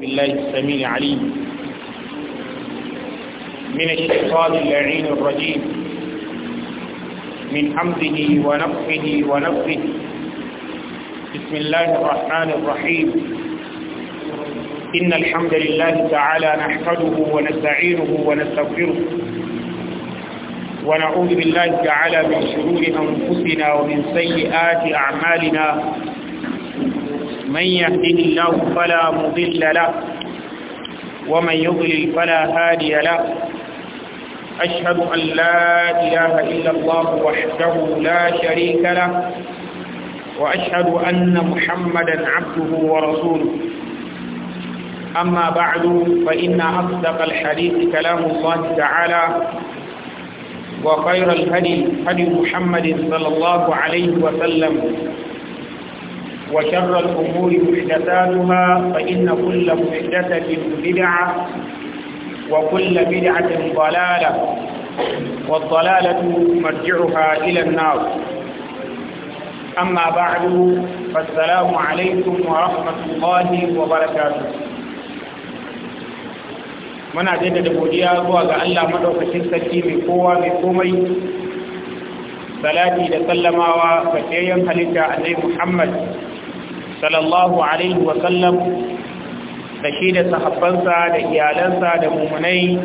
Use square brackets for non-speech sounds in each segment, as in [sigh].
بالله السميع العليم من الشيطان اللعين الرجيم من حمده ونفه ونفه بسم الله الرحمن الرحيم إن الحمد لله تعالى نحمده ونستعينه ونستغفره ونعوذ بالله تعالى من شرور أنفسنا ومن سيئات أعمالنا من يهده الله فلا مضل له ومن يضلل فلا هادي له أشهد أن لا إله إلا الله وحده لا شريك له وأشهد أن محمدا عبده ورسوله أما بعد فإن أصدق الحديث كلام الله تعالى وخير الهدي هدي محمد صلى الله عليه وسلم وشر الأمور محدثاتها فإن كل محدثة بدعة وكل بدعة ضلالة والضلالة مرجعها إلى النار أما بعد فالسلام عليكم ورحمة الله وبركاته من أجد دبوديا وقال الله مدعو فشل سكيم قوة بقومي صلاتي لسلم وفتيا خليك عليه محمد sallallahu alaihi wasallam da shi da sahabbansa da iyalansa da mummunai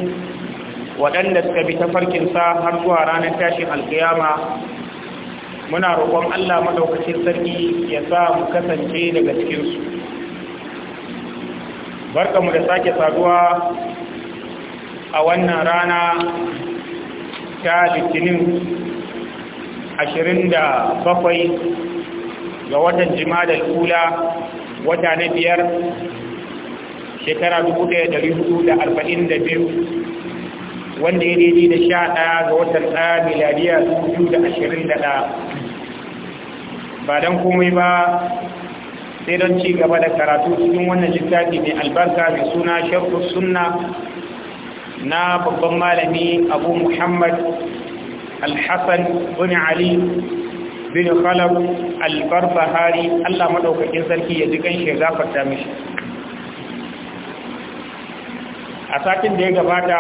waɗanda suka bi tafarkinsa har zuwa ranar tashin alkiyama muna roƙon Allah maɗaukacin sarki ya sa mu kasance daga cikinsu barkamu da sake saduwa a wannan rana ta litinin bakwai. ga watan jimadar kula wata na biyar shekara 1442 wanda ya daidai da sha ɗaya ga watan ɗaya miladiya 2021 ba don komai ba sai don ci gaba da karatu cikin wannan littafi mai albarka mai suna sharhu suna na babban malami abu muhammad alhassan bin ali bin khalaf al-barbahari Allah madaukakin sarki ya ji kan shi gafarta mishi a satin da ya gabata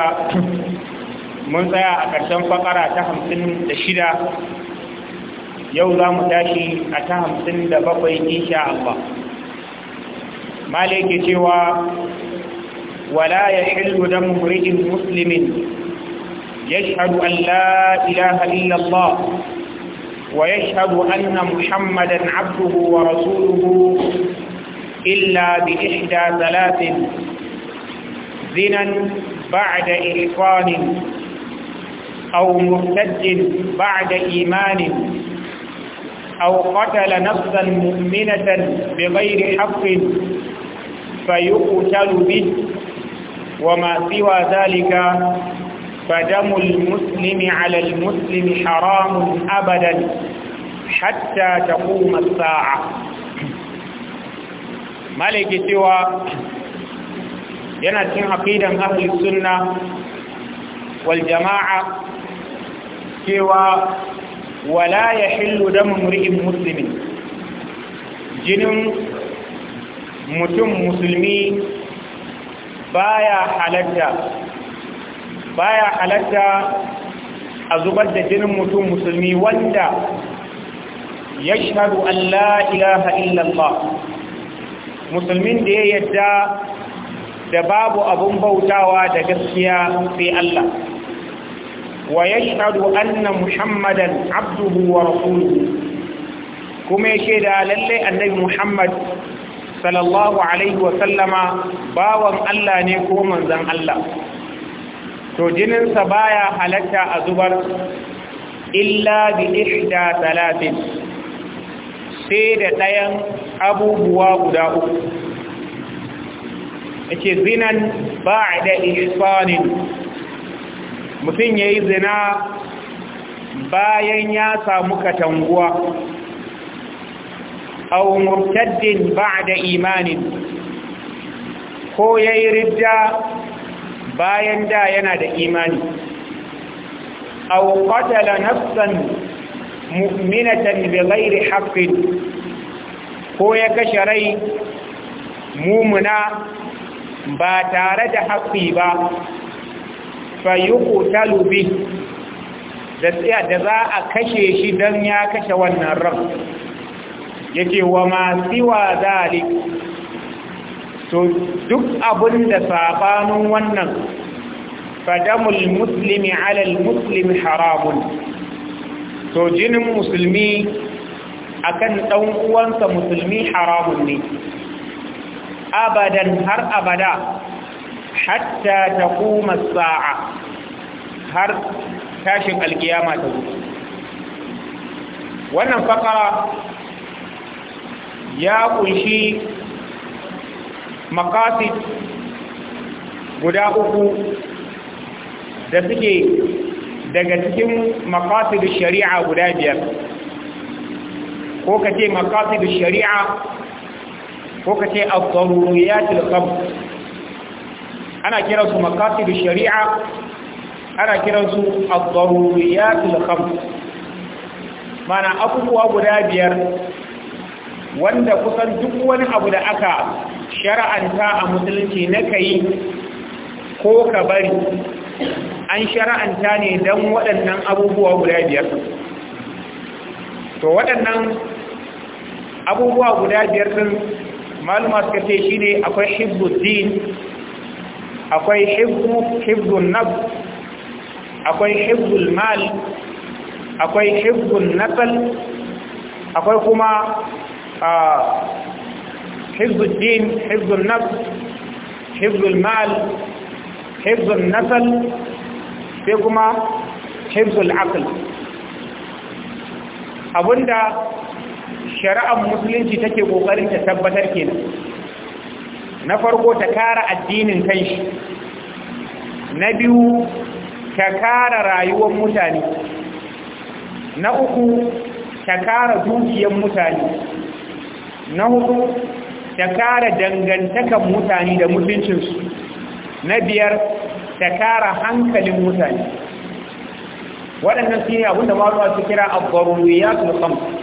[clears throat] mun tsaya a ƙarshen fakara ta hamsin da shida yau za mu tashi a ta hamsin da bakwai insha Allah malai cewa wala ya hillu da mumrijin ya yashhadu an la ilaha illallah ويشهد أن محمدا عبده ورسوله إلا بإحدى ثلاث زنا بعد إحصان أو مرتد بعد إيمان أو قتل نفسا مؤمنة بغير حق فيقتل به وما سوى ذلك فدم المسلم على المسلم حرام أبدا حتى تقوم الساعة مالك سوى ينتهي عقيدا أهل السنة والجماعة سوى ولا يحل دم امرئ مسلم جن متم مسلمي بايا حلتا baya halatta a zubar da jinin mutum musulmi wanda ya shahadu Allah ilaha illallah musulmin da ya yadda da babu abun bautawa da gaskiya sai Allah wa ya shahadu anna muhammadan abduhu wa rasuluhu kuma ya shaida lallai annabi muhammad sallallahu alaihi wa sallama bawan Allah ne ko manzon Allah to jininsa baya halatta a zubar illa bi ihda talatin sai da ɗayan abubuwa guda uku yake zinan ba'da ihsanin mutum yayi zina bayan ya samu katanguwa aw murtaddin ba'da imanin ko yayi ridda bayan da yana da imani aw qatala nafsan mu'minatan bighairi haqqin ko ya kashe rai mumuna ba tare da haƙƙi ba fayyukutalu bi da tsaya da za a kashe shi dan ya kashe wannan ran yake wa ma siwa zalik to duk abin da sabanin wannan fadamul muslimi alal muslimi haramun to jinin musulmi akan ɗan uwansa musulmi haramun ne abadan har abada hatta ta kuma sa'a har tashin alkiyama ta zuwa wannan fakara ya kunshi makasid guda uku da suke daga cikin makasid shari'a guda biyar ko ka ce makasid shari'a ko ka ce al-daruriyatul ana kiransu makasid shari'a ana kiransu al-daruriyatul khams mana abubuwa guda biyar wanda kusan duk wani abu da aka shara'anta a musulunci na kai ko ka bari an shara'anta ne don waɗannan abubuwa guda biyar to waɗannan abubuwa guda biyar sun maluma suka ce shi ne akwai hibbuddin akwai hibbun nab akwai hibbul mal akwai hibbun nasal akwai kuma a. Ah, حفظ الدين حفظ النفس حفظ المال حفظ النسل sai kuma hifzul aql abinda shari'ar musulunci take kokarin ta tabbatar kenan na farko ta kara addinin kanshi na biyu ta kara rayuwar mutane na uku ta kara dukiyar mutane na hudu ta kara dangantakan mutane da mutuncinsu na biyar ta kara hankalin mutane waɗannan su ne abinda maruwa su kira abbaruwiya su musamman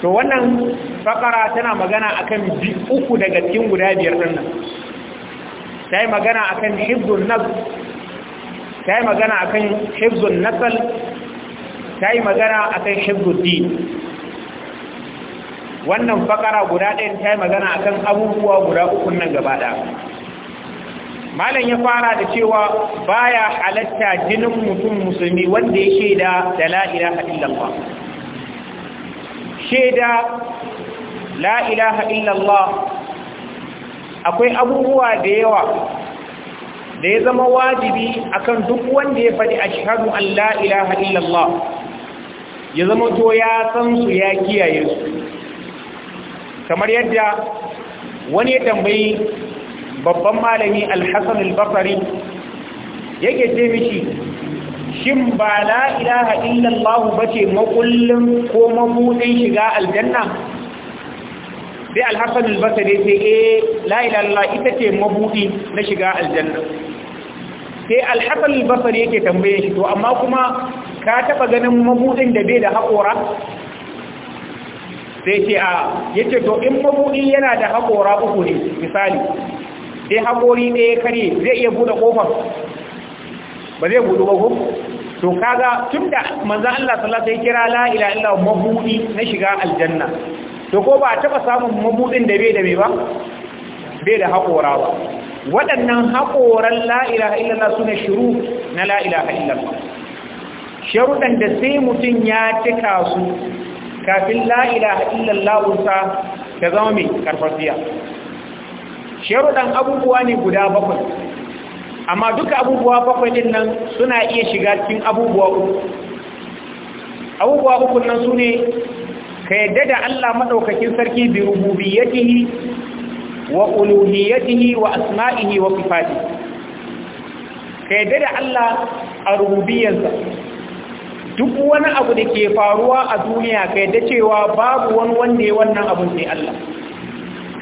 to wannan fakara tana magana akan bi uku daga cikin guda biyar ɗannan ta yi magana akan hibzun nas ta yi magana akan hibzun nasal ta yi magana akan hibzun din wannan fakara guda ɗayan ta yi magana akan abubuwa guda uku nan gaba ɗaya malam ya fara da cewa baya halatta jinin mutum musulmi wanda ya shaida da la ilaha shaida la ilaha akwai abubuwa da yawa da ya zama wajibi akan duk wanda ya faɗi ashhadu an la ilaha ya zama to ya san su ya kiyaye su kamar yadda wani ya tambayi babban malami alhassan albasari yake ce mishi shin ba la ilaha illallah ba ce makullin ko mabudin shiga aljanna sai alhassan albasari sai e eh, la ilaha ita ce mabudi na shiga aljanna sai alhassan albasari yake tambaye shi to amma kuma ka taba ganin mabudin da bai da haƙora sai ce a yace to in mabuɗi yana da haƙora uku ne misali sai haƙori ɗaya kare zai iya buɗe ƙofar ba zai buɗe ba ko to kaga tunda manzo Allah sallallahu alaihi kira la ilaha illa mabuɗi na shiga aljanna to ko ba taɓa samun mabuɗin da bai da bai ba bai da haƙora ba waɗannan haƙoran la ilaha illallah suna shiru na la ilaha illallah sharuɗan da sai mutum ya cika su kafin la'ila ilaha la'usa sa ta zama mai karfafiya sharuɗan abubuwa ne guda bakwai amma duka abubuwa bakwai din nan suna iya shiga cikin abubuwa uku abubuwa uku nan su ne ka yadda da Allah maɗaukakin sarki bi rububiyatihi wa uluhiyatihi wa asma'ihi wa sifatihi ka yadda da Allah a rububiyarsa duk wani abu da ke faruwa a duniya kai da cewa babu wani wanda ya wannan abun sai Allah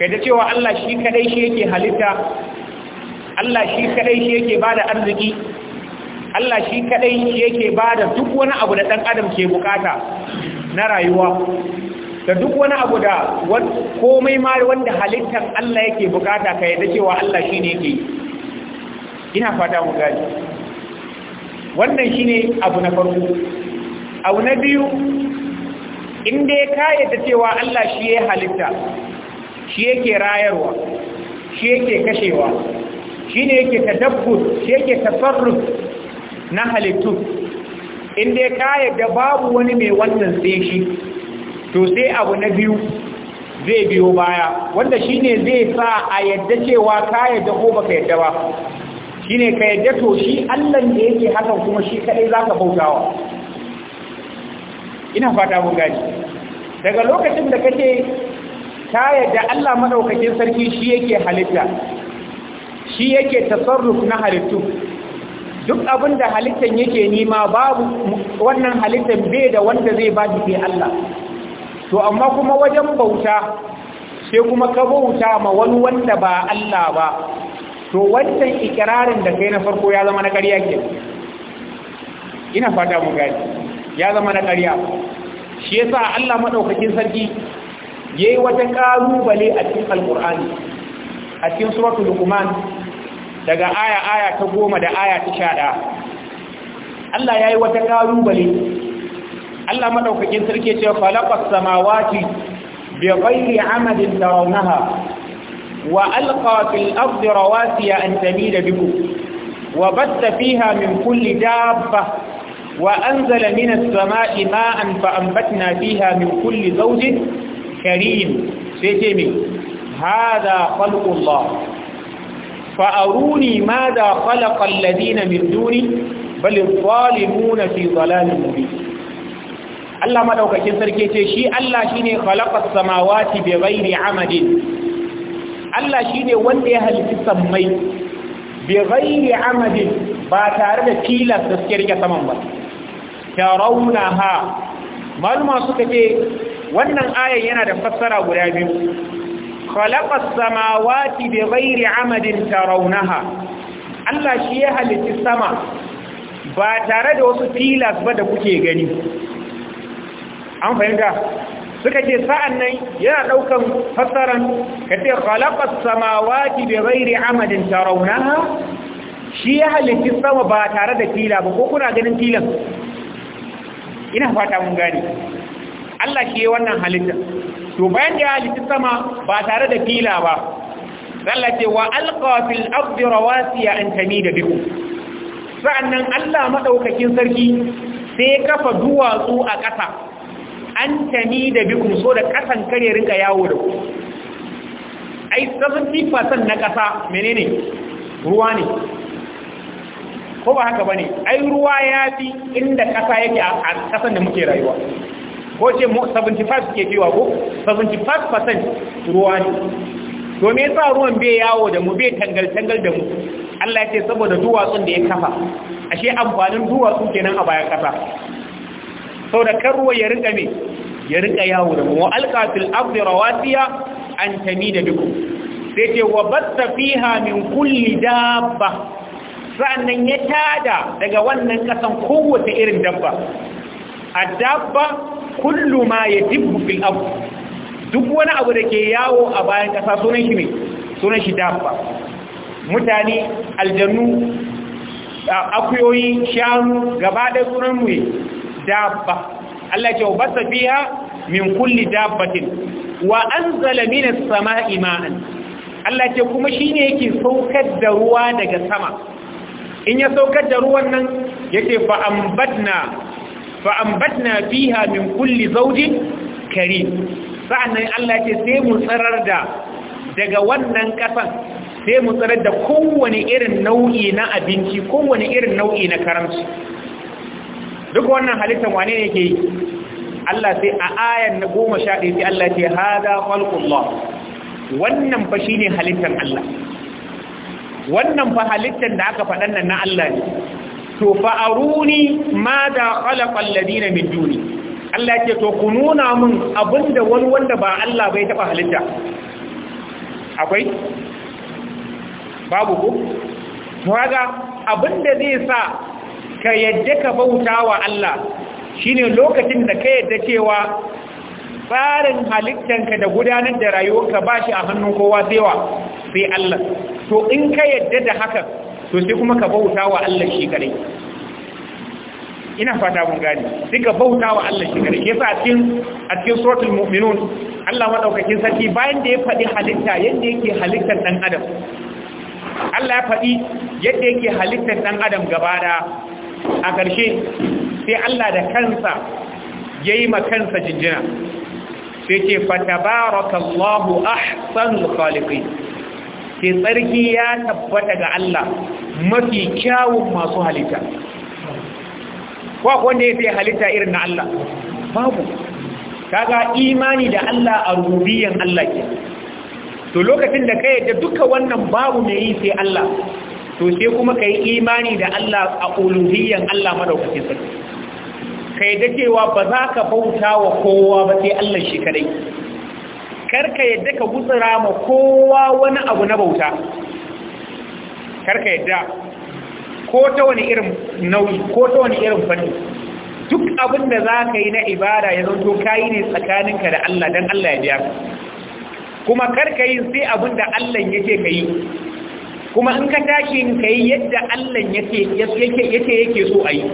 kai da cewa Allah shi kadai shi yake halitta Allah shi kadai shi yake bada arziki Allah shi kadai shi yake bada duk wani abu da dan adam ke bukata na rayuwa da duk wani abu da komai ma wanda halittar Allah yake bukata ka yadda cewa Allah shi ne yake ina fata mu gaji wannan shi ne abu na farko abu na biyu inda ya kayyata cewa Allah shi ya halitta shi yake rayarwa shi yake kashewa shi ne yake tadabbur shi yake tasarruf na halittu inda ya kayyata babu wani mai wannan sai shi to sai abu na biyu zai biyo baya wanda shi ne zai sa a yadda cewa ka yadda ko baka yadda ba shi ne ka yadda to shi allan da yake hakan kuma shi kaɗai za ka bautawa ina fata mun gani daga lokacin da kake taya yadda Allah madaukakin sarki shi yake halitta shi yake tasarruf na halittu duk abin da halittan yake nima babu wannan halittan bai da wanda zai ba shi Allah to amma kuma wajen bauta sai kuma ka bauta ma wani wanda ba Allah ba to wannan ikrarin da kai na farko ya zama na ƙarya ke ina fata mu gani ya zama na ƙarya shi yasa Allah madaukakin sarki yayi wata ƙalubale a cikin alqur'ani a cikin suratul luqman daga aya aya ta goma da aya ta 11 Allah yayi wata ƙalubale Allah madaukakin sarki ce falaqas samawati bighayri amadin tarawnaha wa alqa fil ardi rawasiya an tamida bikum وبث فيها من كل دابة وأنزل من السماء ماء فأنبتنا فيها من كل زوج كريم سيتمي هذا خلق الله فأروني ماذا خلق الذين من دوني بل الظالمون في ظلال مبين Allah madaukakin sarki ce shi Allah shine khalaqa samawati bi ghairi amadin Allah shine wanda ya halitta samai bi amadin ba tare da tilas da sirri ga saman ba tarawunaha maluma suka ce wannan ayan yana da fassara guda biyu khalaqas samawati bighairi amadin tarawunaha Allah shi ya halitta sama ba tare da wasu tilas ba da kuke gani an fahimta suka ce sa'an nan yana ɗaukan fassaran ka ce khalaqas samawati bighairi amadin tarawunaha shi ya halitta sama ba tare da tila ba ko kuna ganin tilan ina fata mun gane Allah shi ya wannan halitta to bayan da ya halitta sama ba tare da fila ba Allah ce wa alqa fil ardi rawasiya an tamida bikum sa'annan Allah madaukakin sarki sai ya kafa duwatsu a ƙasa an tamida bikum so da ƙasan kare rinka yawo da ku ai 70% na ƙasa menene ruwa ne ko ba haka bane ai ruwa ya fi inda ƙasa yake a ƙasan da muke rayuwa ko ce 75 ke cewa ko 75% ruwa ne to me yasa ruwan bai yawo da mu bai tangal tangal da mu Allah ya ce saboda duwatsun da ya kafa ashe amfanin duwatsu kenan a bayan ƙasa da kan ruwa ya rinka me ya rinka yawo da mu wa alqatil ardi rawasiya an tamida bikum sai ce wa batta fiha min kulli dabba nan ya tada daga wannan kasan kowace irin dabba a dabba kullu ma ya dibbu fil abu duk wani abu da ke yawo a bayan ƙasa sunan shi ne sunan shi dabba mutane aljanu, akuyoyi shanu gaba da sunan mu dabba Allah ce wa fiha min kulli dabbatin wa anzala minas sama imanin Allah ce kuma shi shine yake saukar da ruwa daga sama in ya saukar da ruwan nan yake fa'ambatna na fiha min kulli zaujin kari sa'annan Allah ce sai mu tsarar da daga wannan ƙasan, sai mu tsarar da kowane irin nau'i na abinci kowane irin nau'i na karamci duk wannan halittar wane ne ke yi Allah sai a ayan na goma sha ɗaya sai Allah ce hada khalqullah wannan fa ne halittar Allah wannan fa halittar da aka faɗan nan na Allah ne to fa aruni ma da khalaqa alladina min duni Allah ce to ku nuna mun abinda wani wanda ba Allah bai taba halitta akwai babu ku to kaga abinda zai sa ka yadda ka bautawa Allah shine lokacin da ka yadda cewa tsarin halittanka da gudanar da rayuwarka ba shi a hannun kowa tsewa sai Allah to in ka yadda da haka to sai kuma ka bauta wa Allah shi kare ina fata mun gani sai ka bauta wa Allah shi kare yasa a cikin a cikin suratul mu'minun Allah madaukakin sarki bayan da ya faɗi halitta yadda yake halittar dan adam Allah ya faɗi yadda yake halittar dan adam gaba da a ƙarshe sai Allah da kansa yayi ma kansa jinjina sai ce fatabarakallahu ahsanul khaliqin Sai tsarki ya tabbata ga Allah mafi kyawun masu halitta kwa wanda ya sai halitta irin na Allah babu kaga imani da Allah a rubiyan Allah ke to lokacin da ka da duka wannan babu mai yi sai Allah to sai kuma ka yi imani da Allah a uluhiyan Allah madaukakin sarki kai da cewa ba za ka bauta wa kowa ba sai Allah shi kadai karka yadda ka gutsura ma kowa wani abu na bauta karka yadda ko ta wani irin nauyi ko ta wani irin fanni duk abin da za ka yi na ibada ya zanto kayi ne tsakaninka da Allah don Allah ya biya kuma karka yi sai abin da Allah ya ce ka yi kuma in ka tashi ka yi yadda Allah ce yake so a yi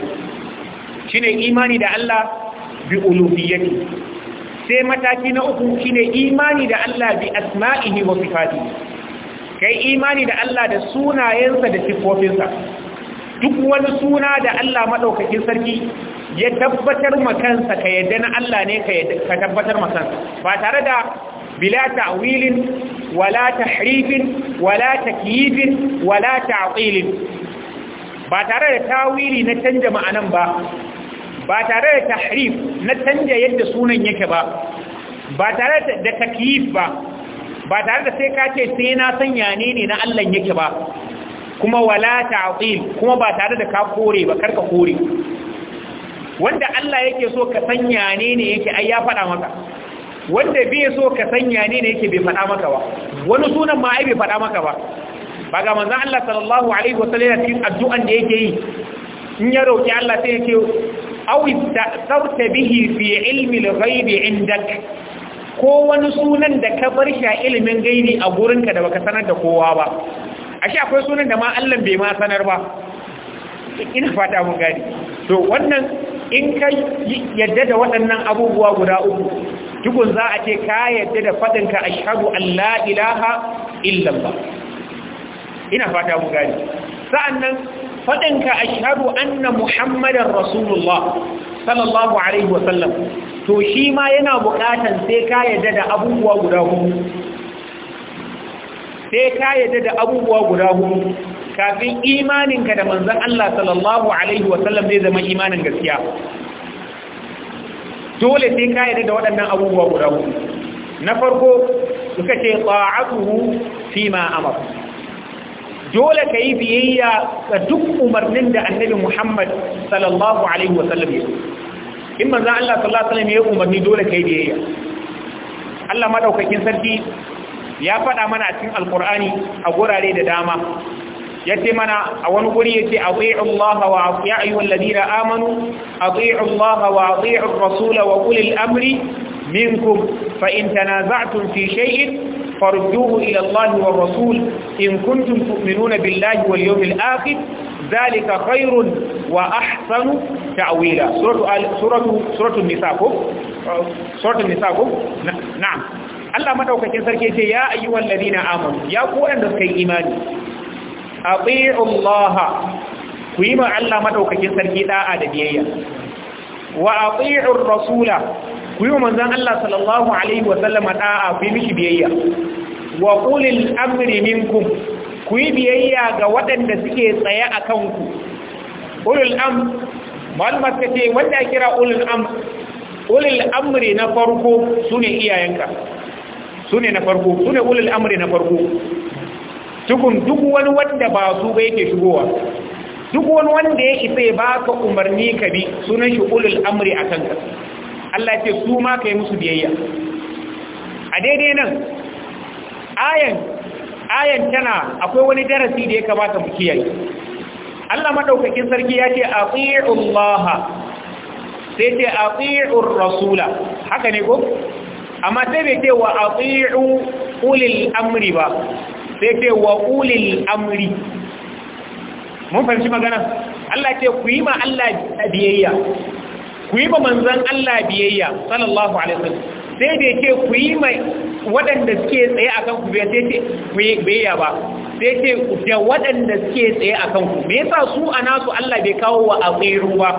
shi ne imani da Allah bi ulubiyyati sai mataki na uku shine imani da Allah bi asma'ihi wa sifatihi kai imani da Allah da sunayensa da sifofinsa duk wani suna da Allah maɗaukakin sarki ya tabbatar makansa ka yadda na Allah ne ka tabbatar makansa ba tare da bila ta'wilin wala tahrifin wala takyifin wala ta'qilin ba tare da tawili na canja ma'anan ba ba tare da tahrif na canja yadda sunan yake ba ba tare da takyif ba ba tare da sai ka ce sai na sanya ne ne na Allah yake ba kuma wala ta'til kuma ba tare da ka kore ba karka kore wanda Allah yake so ka sanya ne ne yake ai ya faɗa maka wanda bai so ka sanya ne ne yake bai faɗa maka ba wani sunan ma ai bai faɗa maka ba ba ga manzon Allah sallallahu alaihi wasallam cikin addu'an da yake yi in ya roki Allah sai yake aw ista'sarta bihi fi ilmi al-ghaib ko wani sunan da ka bar shi a ilimin gaini a gurinka da baka sanar da kowa ba ashe akwai sunan da ma Allah bai ma sanar ba ina fata mun gani to wannan in kai yadda da waɗannan abubuwa guda uku tukun za a ce ka yadda da faɗinka ashhadu an la ilaha illallah ina fata mun gani sa'annan faɗinka ashhadu anna muhammadar rasulullah sallallahu alaihi wasallam to shi ma yana buƙatan sai ka yadda da abubuwa guda hudu sai ka yadda da abubuwa guda hudu kafin imaninka da manzan Allah sallallahu alaihi wasallam zai zama imanin gaskiya dole sai ka yadda da waɗannan abubuwa guda hudu na farko suka ce ta'atuhu fi ma amara dole ka yi biyayya ga duk umarnin da annabi Muhammad sallallahu alaihi wasallam ya in manzo Allah sallallahu alaihi wasallam ya umarni dole ka yi biyayya Allah madaukakin sarki ya faɗa mana a cikin alkur'ani a gurare da dama ya ce mana a wani guri ya ce ati'u Allah wa ya ayyuhal ladina amanu ati'u Allah wa ati'u ar-rasul wa ulil amri minkum fa in tanaza'tum fi shay'in فردوه إلى الله والرسول إن كنتم تؤمنون بالله واليوم الآخر ذلك خير وأحسن تأويلا سورة, سورة, سورة النساء سورة النساء نعم Allah madaukakin sarki ce ya ayyuhal ladina amanu ya ku wanda suka yi imani ati'u Allah ku yi ma Allah madaukakin sarki da'a da biyayya wa ati'u rasula ku yi wa manzan Allah sallallahu alaihi wa ɗa'a, da'a ku yi mishi biyayya wa qulil amri minkum ku yi biyayya ga waɗanda suke tsaye a kanku ulul am malmat ce wanda ya kira ulul am ulul amri na farko sune iyayenka sune na farko sune ulul amri na farko tukun duk wani wanda ba su ba yake shigowa duk wani wanda ya isa ya baka umarni ka bi sunan shi ulul amri a kanka Allah ce su ma ka yi musu biyayya a daidai nan ayan ayan tana akwai wani darasi da ya kamata mu kiyaye Allah madaukakin sarki ya ce ati'u Allah sai ce ati'u rasula haka ne ko amma sai bai ce wa ati'u ulil amri ba sai ce wa ulil amri mun fahimci magana Allah ce ku yi ma Allah biyayya ku yi ba manzan Allah biyayya sallallahu alaihi wasallam sai da yake ku yi mai waɗanda suke tsaye akan ku bai sai ku yi biyayya ba sai ce da waɗanda suke tsaye akan ku me yasa su a nasu Allah bai kawo wa aqiru ba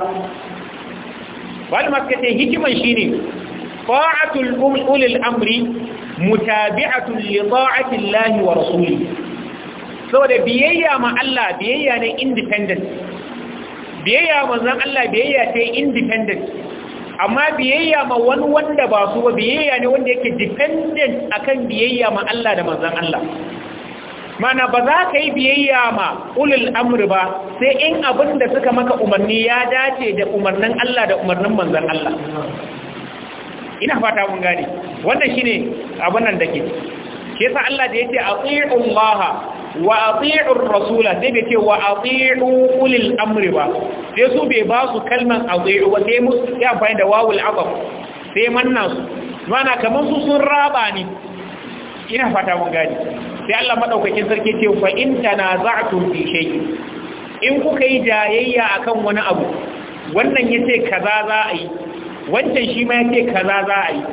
wal makkate hikiman shine ta'atul ulul um, amri mutabi'atun li ta'ati Allah wa rasuli saboda biyayya ma Allah biyayya ne independent biyayya manzon Allah biyayya ta independent amma biyayya ma wani wanda ba su ba biyayya ne wanda yake dependent akan biyayya ma Allah da manzon Allah mana ba za ka yi biyayya ma ulul amri ba sai in abin da suka maka umarni ya dace da umarnin Allah da umarnin manzon Allah ina fata mun gane wannan shine abin nan dake ke sa Allah da yace atiiu Allah wa ati'ur rasula sai bai ce wa ati'u ulil amri ba sai su bai ba su kalman ati'u ba sai musu ya bayan da wawul aqab sai manna su mana kaman su sun raba ni ina fata mun gani sai Allah madaukakin sarki ce fa in tanaza'tum fi shay'in in kuka yi jayayya akan wani abu wannan yace kaza za a yi wancan shi ma yace kaza za a yi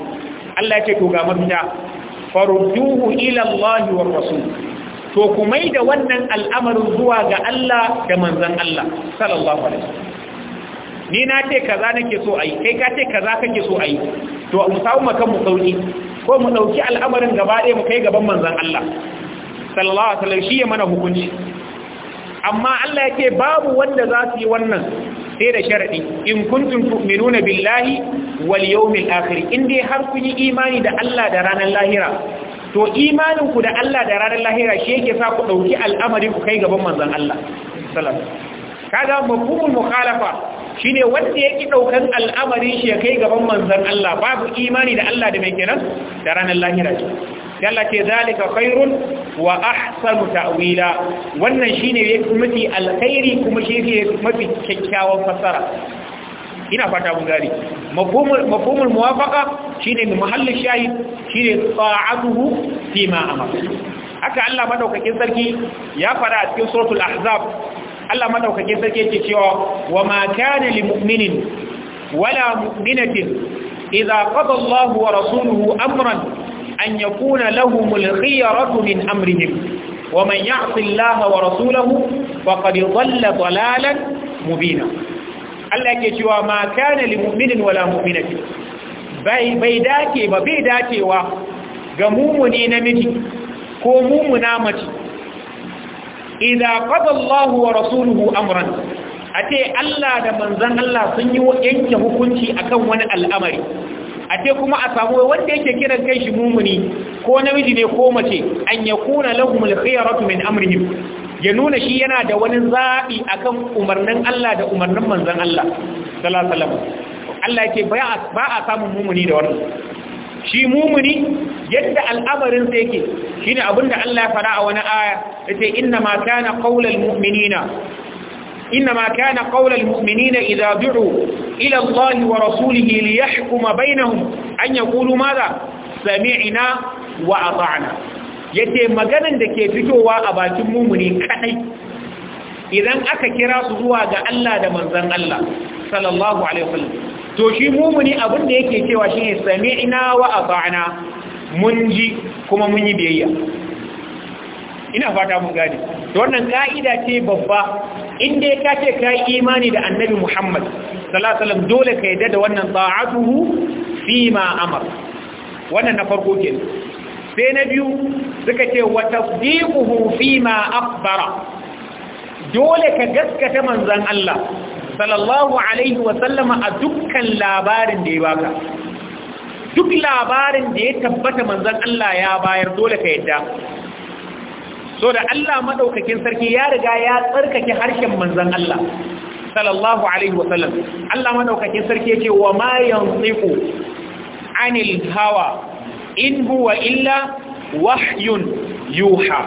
Allah ya ce to ga mafita farudduhu ila Allah wa rasul to ku mai da wannan al'amarin zuwa ga Allah da manzan Allah sallallahu alaihi ni na ce kaza nake so ayi kai ka ce kaza kake so ayi to mu samu makan mu sauki ko mu dauki al'amarin gaba ɗaya mu kai gaban manzan Allah sallallahu alaihi wasallam shi ya mana hukunci amma Allah yake babu wanda za su yi wannan sai da sharadi in kuntum tu'minuna billahi wal yawmil akhir in dai har kun yi imani da Allah da ranar lahira to imaninku da Allah da ranar lahira shi yake sa ku ɗauki al'amarin ku kai gaban manzan Allah kada alaihi wasallam kaga mafhumul shine wanda yake ɗaukan al'amarin shi ya kai gaban manzan Allah babu imani da Allah da mai kenan da ranar lahira yalla ce zalika khairun wa ahsanu ta'wila wannan shine yake mafi alkhairi kuma shi yake mafi kyakkyawan fasara ina fata mun gari mafhumul muwafaqa shine mai mahallin shahid shine ta'atuhu fi ma amara haka Allah madaukakin sarki ya fara a cikin suratul ahzab Allah madaukakin sarki yake cewa wa ma kana lil mu'minin wala mu'minatin idza qada Allahu wa rasuluhu amran an أن يكون لهم الخيرة من أمرهم ومن يعص الله ورسوله فقد ضل ضلالا مبينا Allah ke cewa ma kana lil mu'minin wala mu'minati bai bai dace ba bai dacewa ga mumuni namiji ko mumuna mace idza qada Allahu wa rasuluhu amran ate Allah da manzon Allah sun yi yanke hukunci akan wani al'amari ate kuma a samu wanda yake kiran kai shi mumuni ko namiji ne ko mace an yakuna lahumul khiyaratu min amrihim ya nuna shi yana da wani zaɓi a kan umarnin Allah da umarnin manzan Allah sallallahu alaihi Allah yake ba a samun mumuni da wannan shi mumuni yadda al'amarin sai ke. Shi ne abinda Allah ya fara a wani aya yace inna ma kana qaulal mu'minina inna ma kana qaulal mu'minina idza du'u ila Allah wa rasulihi liyahkuma bainahum an yaqulu madha sami'na wa a ata'na yace maganin da ke fitowa a bakin mumuni kadai idan aka kira su zuwa ga Allah da manzon Allah sallallahu alaihi wasallam to shi mumuni abin da yake cewa shine sami'na wa ata'na mun ji kuma mun yi biyayya ina fata mun gane to wannan ka'ida ce babba inda ka ce kai imani da annabi Muhammad sallallahu alaihi wasallam dole ka yadda da wannan ta'atuhu fi ma amara wannan na farko kenan sai na biyu suka ce wa tasdiquhu fima akhbara dole ka gaskata manzan Allah sallallahu alaihi wa sallama a dukkan labarin da ya baka duk labarin da ya tabbata manzan Allah ya bayar dole ka yadda so da Allah maɗaukakin sarki ya riga ya tsarkake harshen manzan Allah sallallahu alaihi wa sallam Allah maɗaukakin sarki ya ce wa ma yanziqu anil hawa in huwa illa wahyun yuha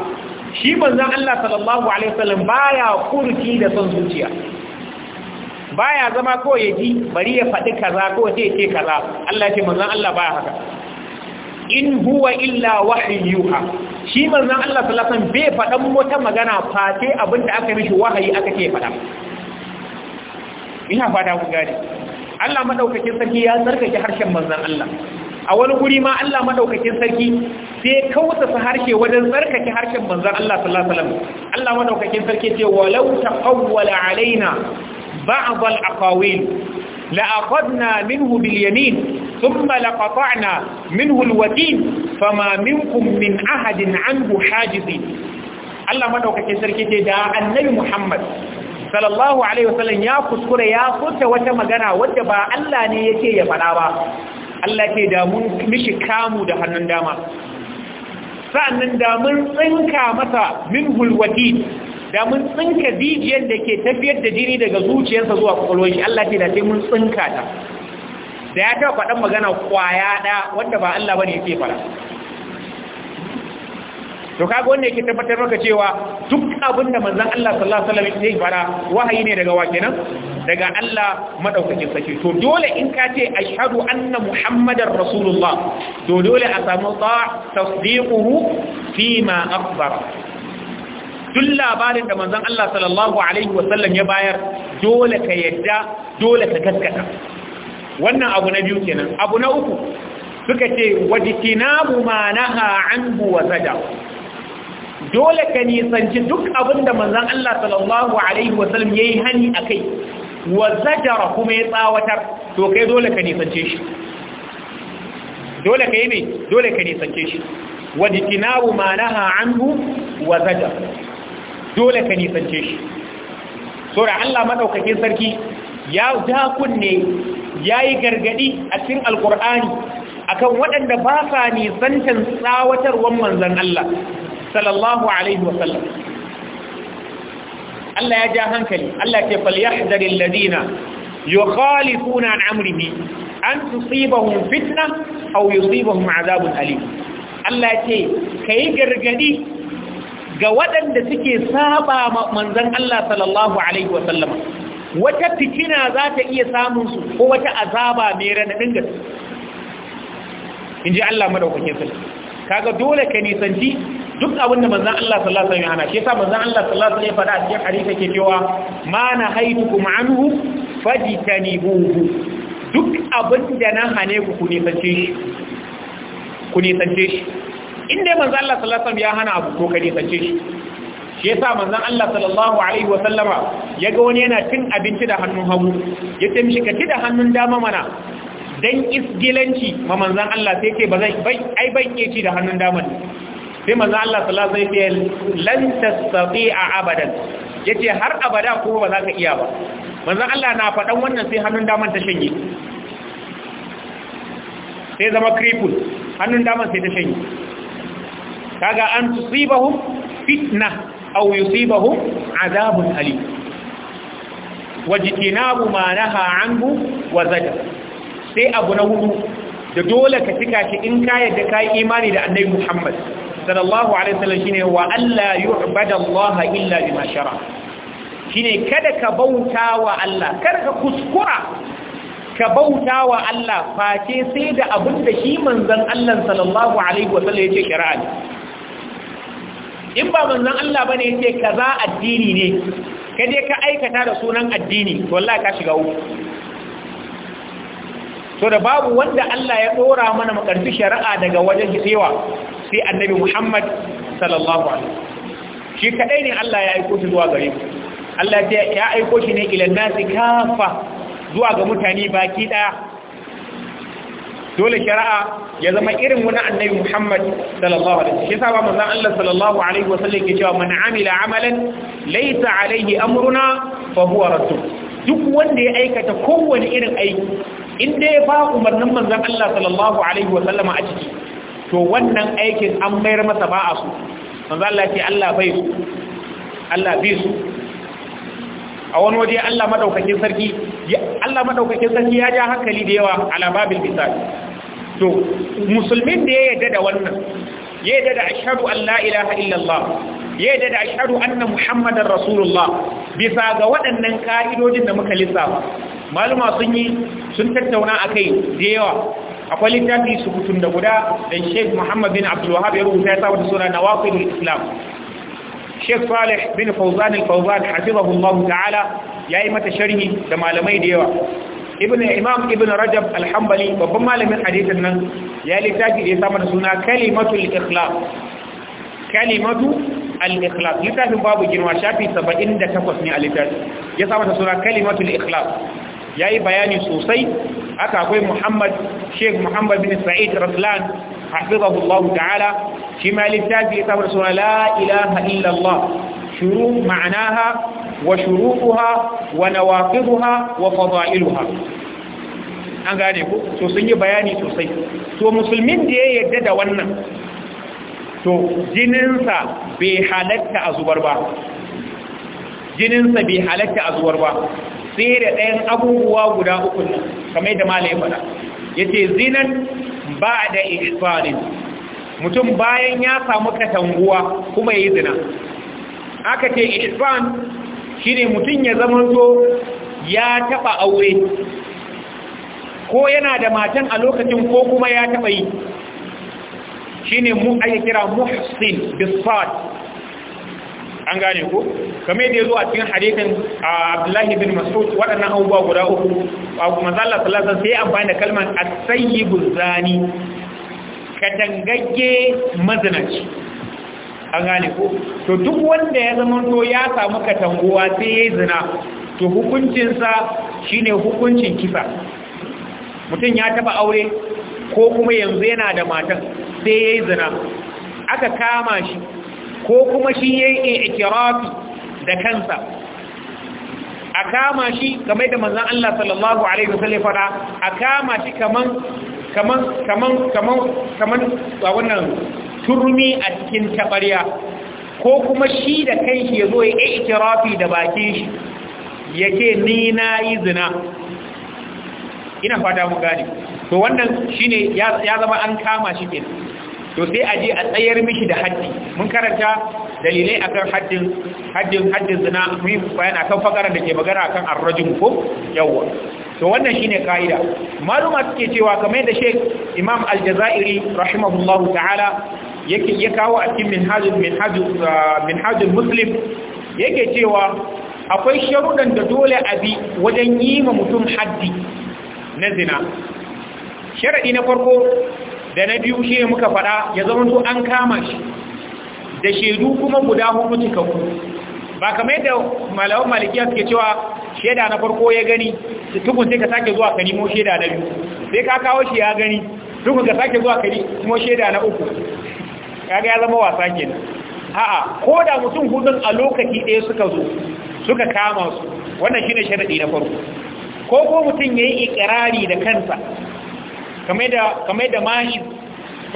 shi manzon Allah sallallahu alaihi wasallam baya kurki da son zuciya baya zama ko ya ji bari ya faɗi kaza ko sai ce kaza Allah ce manzon Allah baya haka in huwa illa wahyin yuha shi manzon Allah sallallahu alaihi wasallam bai faɗan wata magana fate abinda aka mishi wahayi aka ce faɗa ina fata ku gane Allah madaukakin sarki ya tsarkake harshen manzon Allah a wani guri ma Allah madaukakin sarki sai kawata su harshe wajen tsarkake harshen manzon Allah sallallahu alaihi wasallam Allah madaukakin sarki ce walau taqawwala alaina ba'd al-aqawil la'aqadna minhu bil yamin thumma laqata'na minhu al-watin fama minkum min ahadin anhu hajizin Allah madaukakin sarki ce da annabi Muhammad sallallahu alaihi wasallam ya kuskure ya furta wata magana wadda ba Allah ne yake ya faɗa ba Allah ke da mun mishi kamu da hannun dama sa'annan da mun tsinka masa min hulwati da mun tsinka jijiyar da ke tafiyar da jini daga zuciyarsa zuwa kwakwalwar shi Allah ke da sai mun tsinka ta da ya taɓa faɗan magana kwaya ɗa wanda ba Allah ba ne ke fara to kaga wanda yake tabbatar maka cewa duk abinda da manzon Allah sallallahu alaihi wasallam ya fara wahayi ne daga wa kenan daga Allah madaukakin sarki to dole in ka ce ashhadu anna muhammadar rasulullah to dole a samu ta tasdiquhu fi ma akhbar duk labarin da manzon Allah sallallahu alaihi wasallam ya bayar dole ka yadda dole ka gaskata wannan abu na biyu kenan abu na uku suka ce wajtinabu ma naha anhu wa sada dole ka nisanci duk abin da manzan Allah sallallahu Alaihi wasallam ya yi hani a kai wa zajara kuma ya tsawatar to kai dole ka nisance shi dole ka yi ne dole ka nisance shi wa jikinawu ma naha anhu wa zajar dole ka nisance shi sura Allah madaukakin sarki ya da ya yi gargadi a cikin a kan waɗanda ba sa nisantan tsawatarwan manzon Allah sallallahu alaihi wasallam Allah ya ja hankali Allah ce falyahdari alladina yukhalifuna an amrihi an tusibahum fitna aw yusibahum azabun alim Allah ce kai gargadi ga waɗanda suke saba manzon Allah sallallahu alaihi wa sallam wata fitina za ta iya samun su ko wata azaba mai ranadin gaske inji Allah madaukakin sarki kaga dole ka nisanci duk abin da manzan Allah sallallahu alaihi wasallam ya hana shi yasa manzan Allah sallallahu alaihi wasallam ya faɗa a cikin hadisi yake cewa ma haitukum anhu fajtanibuhu duk abin da na hane ku ku nisance shi ku nisance shi inda manzan Allah sallallahu alaihi wasallam ya hana abu ko ka nisance shi shi yasa manzan Allah sallallahu alaihi wa sallama ga wani yana cin abinci da hannun hagu ya ce mishi ka ci da hannun dama mana dan isgilanci ma manzan Allah sai ce bazai bai ai ban ke ci da hannun dama ne sai manzo Allah sallallahu alaihi wasallam ya lan tastati'a abadan yace har abada ko ba za ka iya ba manzo Allah na faɗan wannan sai hannun daman ta shanye sai zama cripple hannun daman sai ta shanye kaga an tusibahum fitna aw yusibahum azabun alim wajtinabu ma naha anhu wa zada sai abu na hudu da dole ka tika shi in ka yadda kai imani da annabi Muhammad sallallahu alaihi wasallam shine wa alla yu'bada Allah illa bima shara shine kada ka bauta wa Allah kada ka kuskura ka bauta wa Allah face sai da abin da shi manzon Allah sallallahu alaihi wasallam yace shari'a in ba manzon Allah bane yace kaza addini ne kaje ka aikata da sunan addini to wallahi ka shiga uku To da babu wanda Allah ya dora mana makarfi shari'a daga wajen hisewa sai annabi Muhammad sallallahu alaihi shi kadai ne Allah ya aiko shi zuwa gare mu Allah ya aiko shi ne ila nasi kafa zuwa ga mutane baki daya dole shari'a ya zama irin wani annabi Muhammad sallallahu alaihi shi saba manzon Allah sallallahu alaihi wasallam ke cewa man amila amalan laysa alaihi amruna fa huwa rasul duk wanda ya aikata kowane irin aiki inda ya ba umarnin manzon Allah sallallahu alaihi wasallama a ciki to wannan aikin an mayar masa ba a su manzo Allah ce Allah bai su Allah bi su a wani waje Allah madaukakin sarki Allah madaukakin sarki ya ja hankali da yawa ala babil misali to musulmin da ya yadda da wannan ya yadda da ashhadu an la ilaha illallah ya yadda da ashhadu anna muhammadar rasulullah bisa ga waɗannan ka'idojin da muka lissafa maluma sun yi sun tattauna akai da yawa akwai littafi su hutun da guda da Sheik muhammad bin abdulwahab ya rubuta ya sa da suna nawaqid islam Sheik salih bin Fauzanil al-fawzan hafizahu allah ta'ala yayi mata sharhi da malamai da yawa ibn imam ibn rajab al-hanbali babban malamin hadisin nan ya littafi da ya sa mata suna kalimatul ikhlas kalimatu al-ikhlas littafin babu girma shafi 78 ne a littafi ya sa mata suna kalimatul ikhlas ya yi bayani sosai aka akwai muhammad sheik muhammad bin sa'id raslan hafizahullahu ta'ala shi ma littafi ya samar suna la ilaha illallah shuru ma'anaha wa shurutuha wa nawaqiduha wa fadailuha an gane ku to sun yi bayani sosai to musulmin da ya yadda da wannan to jininsa bai halatta a zubar ba jininsa bai halatta a zubar ba sai da ɗayan abubuwa guda uku nan kamar yadda malai faɗa yace zinan ba da ihsanin mutum bayan ya samu katanguwa kuma yayi zina aka ce ihsan shine mutum ya zama zo ya taɓa aure ko yana da matan a lokacin ko kuma ya taba yi shine mu ake kira muhsin bisfat an gane ko kamar da ya zo a cikin hadisin abdullahi bin mas'ud waɗannan abubuwa guda uku zalla sallallahu sai amfani da kalmar as-sayyibu zani katangagge mazinaci an gane ko to duk wanda ya zama to ya samu katanguwa sai ya zina to hukuncinsa shine hukuncin kisa mutum ya taba aure ko kuma yanzu yana da matan sai ya zina aka kama shi ko kuma shi ya yi ikirafi da kansa a kama shi kamar da manzan Allah sallallahu Alaihi wasallam fada a kama shi kaman kaman kaman kaman kaman wannan turmi a cikin tabariya ko kuma shi da kanshi ya zo ya yi ikirafi da bakin shi ya ce ni na yi zina ina fata mu gani to wannan shine ya zama an kama shi kenan to sai a je a tsayar mishi da haddi mun karanta dalilai akan haddin haddin haddin zina mun bayan akan fakaran da ke magana akan arrajin ko yawa to wannan shine kaida maluma suke cewa kamar yadda Sheikh Imam Al-Jazairi rahimahullahu ta'ala yake ya kawo a cikin minhajul minhajul uh, minhajul muslim yake cewa akwai sharudan da dole a bi wajen yi wa mutum haddi na zina sharadi na farko da na biyu shi muka faɗa ya zama to an kama shi da shaidu kuma guda hudu cikakku ba kamar yadda malawan malikiya suke cewa shaida na farko ya gani tukun sai ka sake zuwa ka nemo shaida na biyu sai ka kawo shi ya gani tukun ka sake zuwa ka nemo shaida na uku kaga ya zama wasa kenan a'a ko da mutum hudun a lokaci ɗaya suka zo suka kama su wannan shine sharadi na farko ko ko mutum yayi ikrari da kansa kamar da kamar da mahi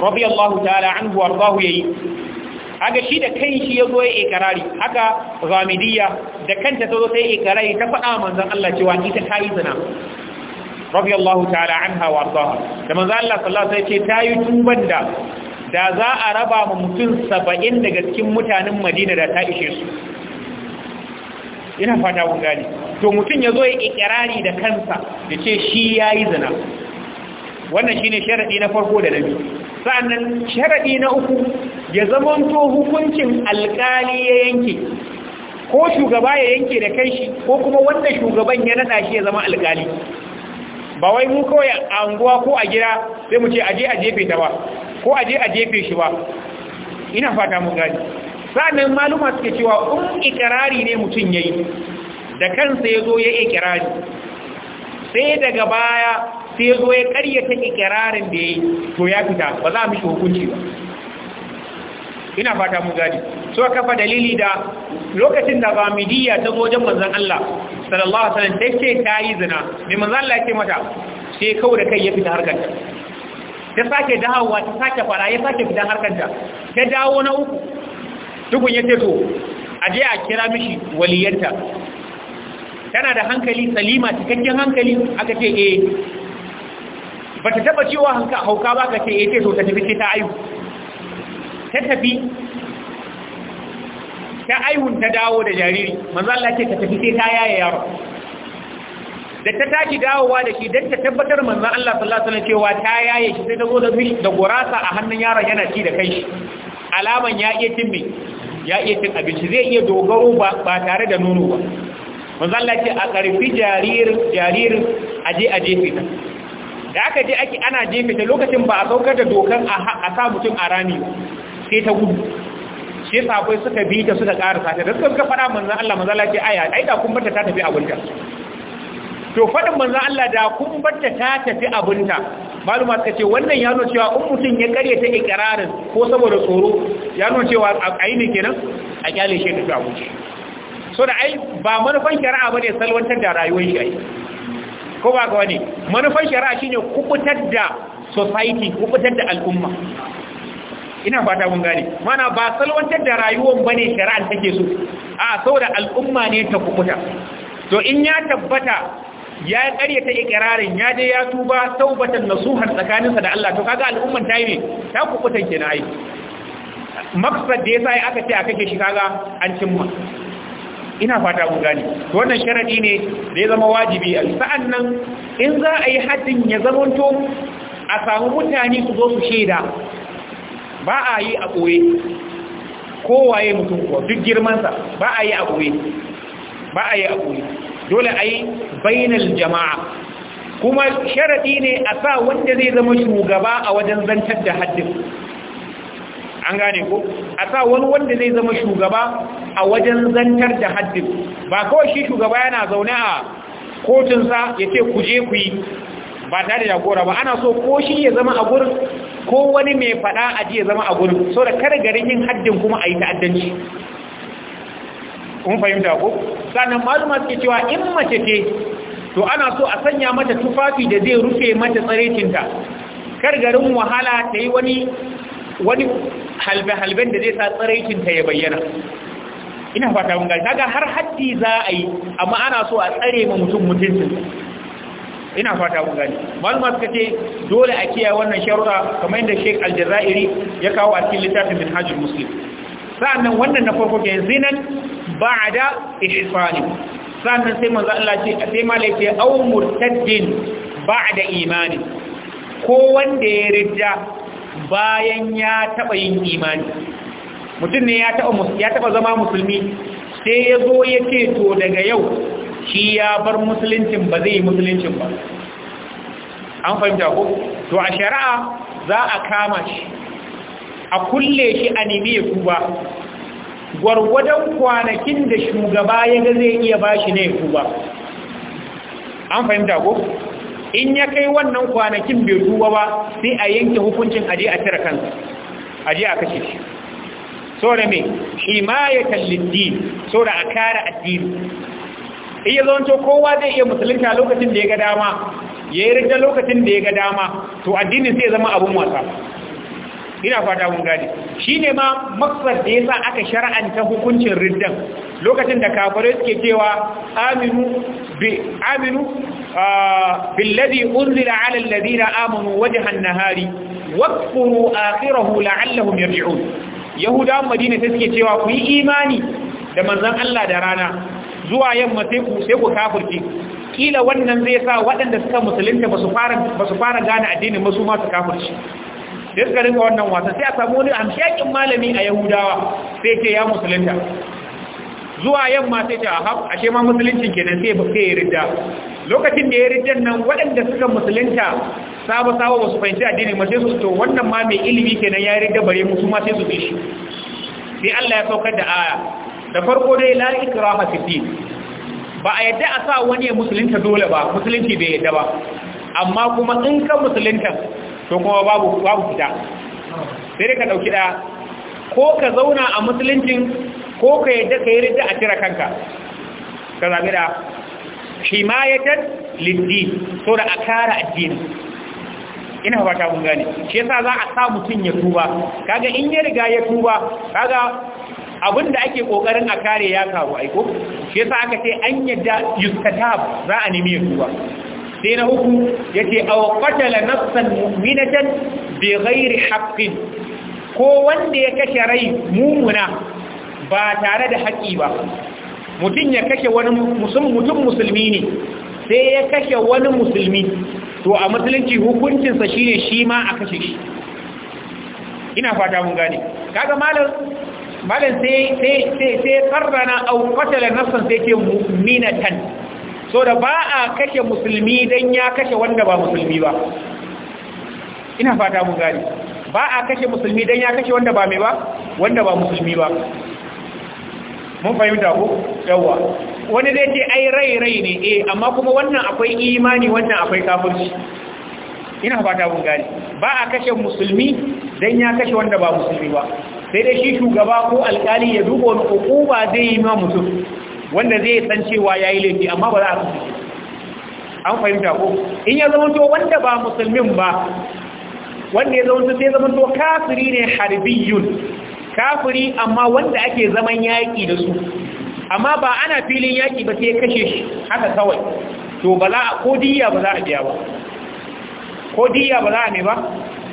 radiyallahu ta'ala anhu wardahu yayi aga shi da kai shi yazo ya ikrari haka zamidiyya da kanta ta yi ikrari ta faɗa manzon Allah cewa ita ta yi zina Rabi Allah ta'ala an anha wardaha da manzon Allah sallallahu ta ce ta yi tuban da da za a raba mu mutum saba'in daga cikin mutanen Madina da ta ishe su ina fata kun gane to mutum yazo ya ikrari da kansa ce shi ya yi zina wannan shine sharadi na farko da na biyu sa'annan sharadi na uku ya zamanto hukuncin alkali ya yanke ko shugaba ya yanke da kai shi ko kuma wanda shugaban ya naɗa shi ya zama alkali ba wai mu kawai a anguwa ko a gida sai mu ce aje a jefe ta ba ko aje a jefe shi ba ina fata mun gani sannan maluma suke cewa in ikirari ne mutum yayi da kansa ya zo ya ikirari sai daga baya sai ya zo ya ta ikirarin da ya yi to ya fita ba za a mishi hukunci ba ina fata mu gadi so kafa dalili da lokacin da bamidiya ta zo wajen Allah sallallahu alaihi wasallam sai ce ta yi zina mai manzan Allah ce mata sai kawo da kai ya fita harkar ta Ta sake dawowa ta sake fara ya sake fita harkar ta ta dawo na uku tukun ya to a je a kira mishi waliyanta tana da hankali salima cikakken hankali aka ce eh ba ta taba cewa hauka ba ka ce ya ce eh, so ta tafi ce ta aihu ta tafi ta aihun ta dawo da jariri manzo Allah ce ta tafi sai ta yaye yaro da ta taki dawowa da shi don ta tabbatar manzo Allah sallallahu alaihi wasallam cewa ta yaye shi sai ta zo da da gurasa a hannun yaron yana ci da kai alaman ya iya cin me ya iya cin abinci zai iya dogaro ba ba tare da nono ba manzo Allah ce a karfi jaririn jaririn aje aje fita da aka je ake ana jefe da lokacin ba a saukar da dokan a sa mutum a rami sai ta gudu sai sabai suka bi ta suka ƙara sata da suka faɗa manzan Allah manzan Allah ce aya ai da kun bata ta tafi abinta to faɗin manzan Allah da kun bata ta tafi abinta maluma suka ce wannan ya cewa in mutum ya kare ta ikirarin ko saboda tsoro ya cewa a yi ne kenan a kyale shi tafi abinci so da ai ba manufan shari'a bane salwantar da rayuwar shi ai ko ba ga wani manufan shari'a shine kubutar da society kubutar da al'umma ina fata mun gane mana ba salwantar da rayuwar bane shari'a take so a saboda al'umma ne ta kubuta to in ya tabbata ya ta ikirarin ya je ya tuba taubatan nasuhar tsakaninsa da Allah to kaga al'umman ta yi ne ta kubutan kenan ai maksad da yasa aka ce aka ke shi kaga an cimma ina fata ku gani wannan sharadi ne da ya zama wajibi sa'an nan in za a yi haddin ya zamanto a samu mutane su zo su shaida ba a yi a ɓoye kowaye mutum ko duk girmansa ba a yi a ɓoye ba a yi a ɓoye dole a yi bainal jama'a kuma sharadi ne a sa wanda zai zama shugaba a wajen zantar da haddin an gane ko a sa wani wanda zai zama shugaba a wajen zantar da haddin ba kawai shi shugaba yana zaune a kotunsa ya ce ku je ku yi ba tare da jagora ba ana so ko shi ya zama a gurin ko wani mai fada a ji ya zama a gurin so da kare garin yin haddin kuma a yi ta'addanci kun fahimta ko sannan maluma suke cewa in mace ce to ana so a sanya mata tufafi da zai rufe mata tsaretinta kar garin wahala ta yi wani wani halbe-halben da zai sa tsaraicinta ya bayyana ina fata mun gani kaga har haddi za a yi amma ana so a tsare ma mutum mutuncin ina fata mun gani malama suka ce dole a kiyaye wannan sharuɗa kamar yadda Sheikh Al-Jazairi ya kawo a cikin littafin Minhajul Muslim sa'annan wannan na farko ke zinan ba'da ihsani sa'annan sai manzo Allah ce sai malaike au murtaddin ba'da imani ko wanda ya ridda bayan ya taɓa yin imani mutum ne ya taɓa zama musulmi sai ya zo ya ce to daga yau shi ya bar musuluncin ba zai yi musuluncin ba an fahimta ko to a shari'a za a kama shi a kulle shi a nemi ya kuba gwargwadon kwanakin da shugaba ya ga zai iya ba shi ne kuba an fahimta ko in ya kai wannan kwanakin bai duba ba sai a yanke hukuncin aje a tare kansa aje a kashe shi so da me himayatan liddi so da a kare addini iya to kowa zai iya musulunta lokacin da ya ga dama ya yi lokacin da ya ga dama to addinin sai zama abin wasa ina fata mun gane shine ma maksar da yasa aka shar'anta hukuncin riddan lokacin da kafirai suke cewa aminu bi aminu billadhi unzila ala alladhina amanu wajhan nahari waqfuru akhirahu la'allahum yarji'un yahuda madina suke cewa ku yi imani da manzon Allah da rana zuwa yamma sai ku sai ku kafirce kila wannan zai sa waɗanda suka musulunta ba su fara gane addinin musu ma su kafirce sai suka rinka wannan wasa sai a samu wani amshakin malami a yahudawa sai ce ya musulunta zuwa yamma sai ce ahab ashe ma musuluncin kenan sai sai ya ridda lokacin da ya riddan nan waɗanda suka musulunta sabo sabo ba su fahimci addini ma sai su to wannan ma mai ilimi kenan ya ridda bare musu ma sai su bi shi sai Allah ya saukar da aya da farko dai la ikraha fi din ba a yadda a sa wani ya musulunta dole ba musulunci bai yadda ba amma kuma in ka musulunta to kuma babu babu fita sai dai ka dauki da ko ka zauna a musuluncin ko ka yadda ka yi ridda a tira kanka ka zabi da liddi so da a kara addini ina ta mun gane shi yasa za a sa mutum ya tuba kaga in ya riga ya tuba kaga abin da ake kokarin a kare ya kawo aiko shi yasa aka ce an yadda yuskatab za a nemi ya tuba sai na uku yace aw qatala nafsan bai gairi haqqin ko wanda ya kashe rai mumuna ba tare da haƙi ba mutum ya kashe wani mutum musulmi ne sai ya kashe wani musulmi to a musulunci hukuncinsa shi ne shi ma a kashe shi ina fata mun gane kaga malam malam sai sai sai na a aw qatala nafsan sai ce mu'minatan so da ba a kashe musulmi don ya kashe wanda ba musulmi ba ina fata mun gani ba a kashe musulmi don ya kashe wanda ba mai ba wanda ba musulmi ba mun fahimta ko yawa wani zai ce ai rai rai ne eh amma kuma wannan akwai imani wannan akwai kafirci ina fata mun gani ba a kashe musulmi don ya kashe wanda ba musulmi ba sai dai shi shugaba ko alkali ya duba wani hukuma zai yi ma mutum wanda zai san cewa ya yi laifi amma ba za a rufe shi an fahimta ko in ya zama to wanda ba musulmin ba wanda ya zama to sai zama to kafiri ne harbiyun kafiri amma wanda ake zaman yaƙi da su amma ba ana filin yaƙi ba sai kashe shi haka kawai to ba za ko diya ba za a biya ba ko diya ba za a ne ba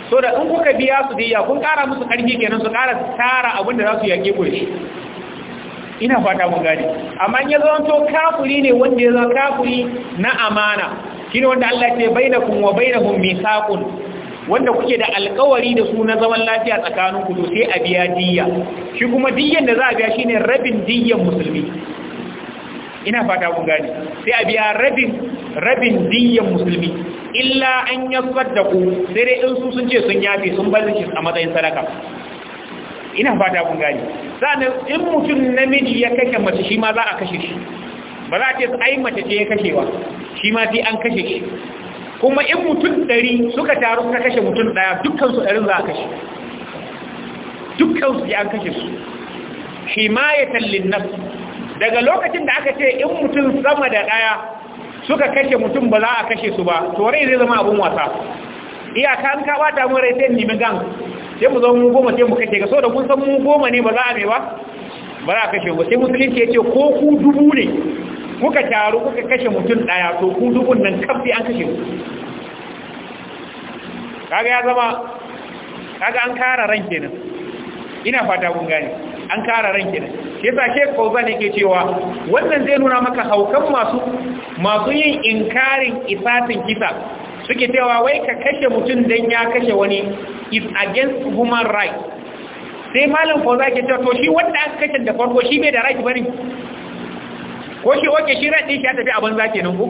so da in kuka biya su diya kun ƙara musu ƙarfi kenan su ƙara tara abin da za su yaƙe ku shi ina fata mun gane amma ya zama to kafuri ne wanda ya kafuri na amana shine wanda Allah ya ce bainakum wa bainahum mithaqun wanda kuke da alkawari da su na zaman lafiya tsakanin ku to sai a biya diyya shi kuma diyyan da za a biya shine rabin diyyan musulmi ina fata mun gane sai a biya rabin rabin diyyan musulmi illa an yasaddaku sai dai in su sun ce sun yafe sun bar shi a matsayin sadaka ina fata kun gani sannan in mutum namiji ya kashe mace shi ma za a kashe shi ba za a ce ai mace ce ya kashe wa shi ma sai an kashe shi kuma in mutum ɗari suka taru suka kashe mutum ɗaya dukkansu ɗarin za a kashe dukkansu ya an kashe su Shi ma ya himayatan linnas daga lokacin da aka ce in mutum sama da ɗaya suka kashe mutum ba za a kashe su ba to rai zai zama abun wasa iyaka an ka bata mu rai sai nemi gan sai mu zama mu goma sai mu kashe ga saboda da kun san mu goma ne ba za a mai ba ba za a kashe ba sai musulunci ya ce ko ku dubu ne kuka taru kuka kashe mutum daya to ku dubun nan kafi an kashe ku kaga ya zama kaga an kara ran kenan ina fata kun gane an kara ran kenan shi yasa Sheikh Fauzan yake cewa wannan zai nuna maka haukan masu masu yin inkarin isatin kisa suke cewa wai ka kashe mutum dan ya kashe wani is against human rights sai malam ko za ke cewa to shi wanda aka kashe da farko shi bai da right bane ko shi oke shi right shi ya tafi a banza kenan ko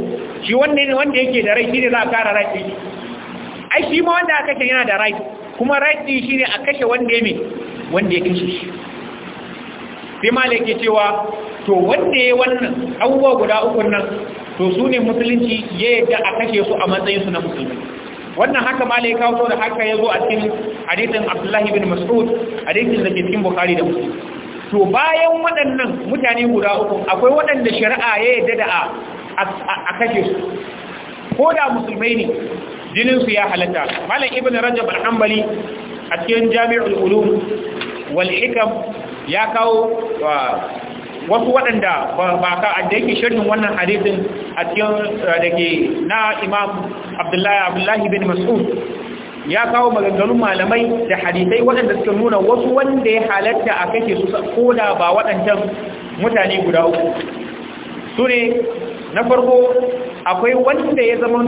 shi wanda ne wanda yake da right shi ne za a kara right shi ai shi ma wanda aka kashe yana da right kuma right din shi ne a kashe wanda ya me wanda ya kashe shi sai malam ke cewa to wanda ya wannan abubuwa guda uku nan to su ne musulunci ya yadda a kashe su a matsayin su na musulmi wannan haka ma ya kawo da haka ya zo a cikin hadisin abdullahi bin mas'ud hadisin da ke cikin bukhari da muslim to bayan waɗannan mutane guda uku akwai waɗanda shari'a ya yarda da a kashe su ko da musulmai ne jininsu ya halatta malam ibn rajab al-hanbali a cikin jami'ul ulum wal hikam ya kawo wasu waɗanda ba ka da yake shirin wannan hadisin a cikin eh, da ke na imam abdullahi bin mas'ud ya kawo maganganun malamai da hadisai waɗanda suka nuna wasu wanda ya halatta a kake su koda ba waɗancan mutane guda uku su ne na farko akwai wanda ya zama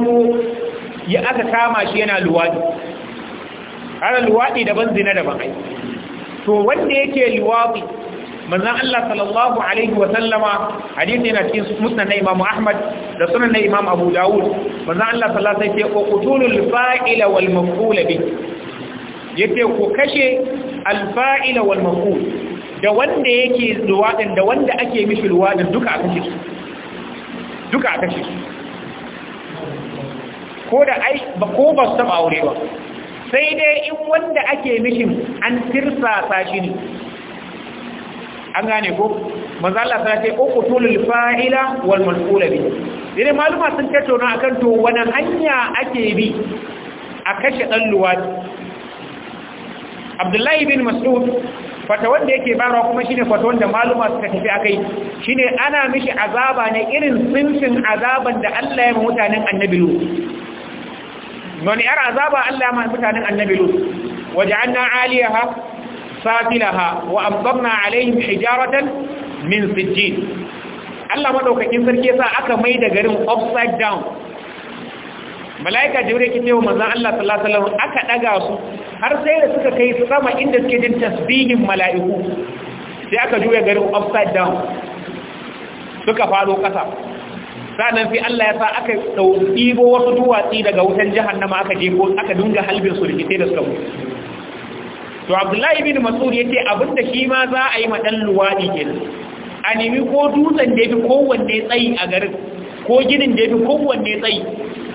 ya aka kama shi yana luwaɗi ana luwaɗi daban zina daban ai to wanda yake luwaɗi manzon Allah sallallahu alaihi wa sallama hadisi na cikin musnad na Imam Ahmad da sunan na Imam Abu Dawud manzon Allah sallallahu alaihi wa sallam qutulul fa'ila wal maf'ul bi yace ku kashe al fa'ila wal maf'ul da wanda yake luwadin da wanda ake mishi luwadin duka a kashe duka a kashe ko da ai ko ba su taba aure ba sai dai in wanda ake mishin an tirsasa shi ne an gane ko manzo Allah ta ce uqtulul fa'ila wal maf'ul bi dai maluma sun tattauna akan to wannan hanya ake bi a kashe dan Abdullahi bin Mas'ud fata wanda yake bayarwa kuma shine fata wanda maluma suka tafi akai shine ana mishi azaba ne irin sinfin azaban da Allah ya mutanen annabi Lut wani yar azaba Allah ya mutanen annabi Lut waja'alna 'aliyaha safilaha wa amsarna alaihim hijaratan min sijjin Allah madaukakin sarki yasa aka mai da garin upside down malaika jibril ke cewa manzon Allah sallallahu alaihi wasallam aka daga su har sai da suka kai sama inda suke jin tasbihin mala'iku sai aka juya garin upside down suka fado kasa sannan fi Allah ya sa aka ɗibo wasu duwatsi daga wutan jahannama aka jefo aka dunga halbin su rikice da suka mutu to abdullahi bin mas'ud yace abinda shi ma za a yi ma dan luwadi kenan a nemi ko dutsen da yafi kowanne tsayi a garin ko ginin da yafi kowanne tsayi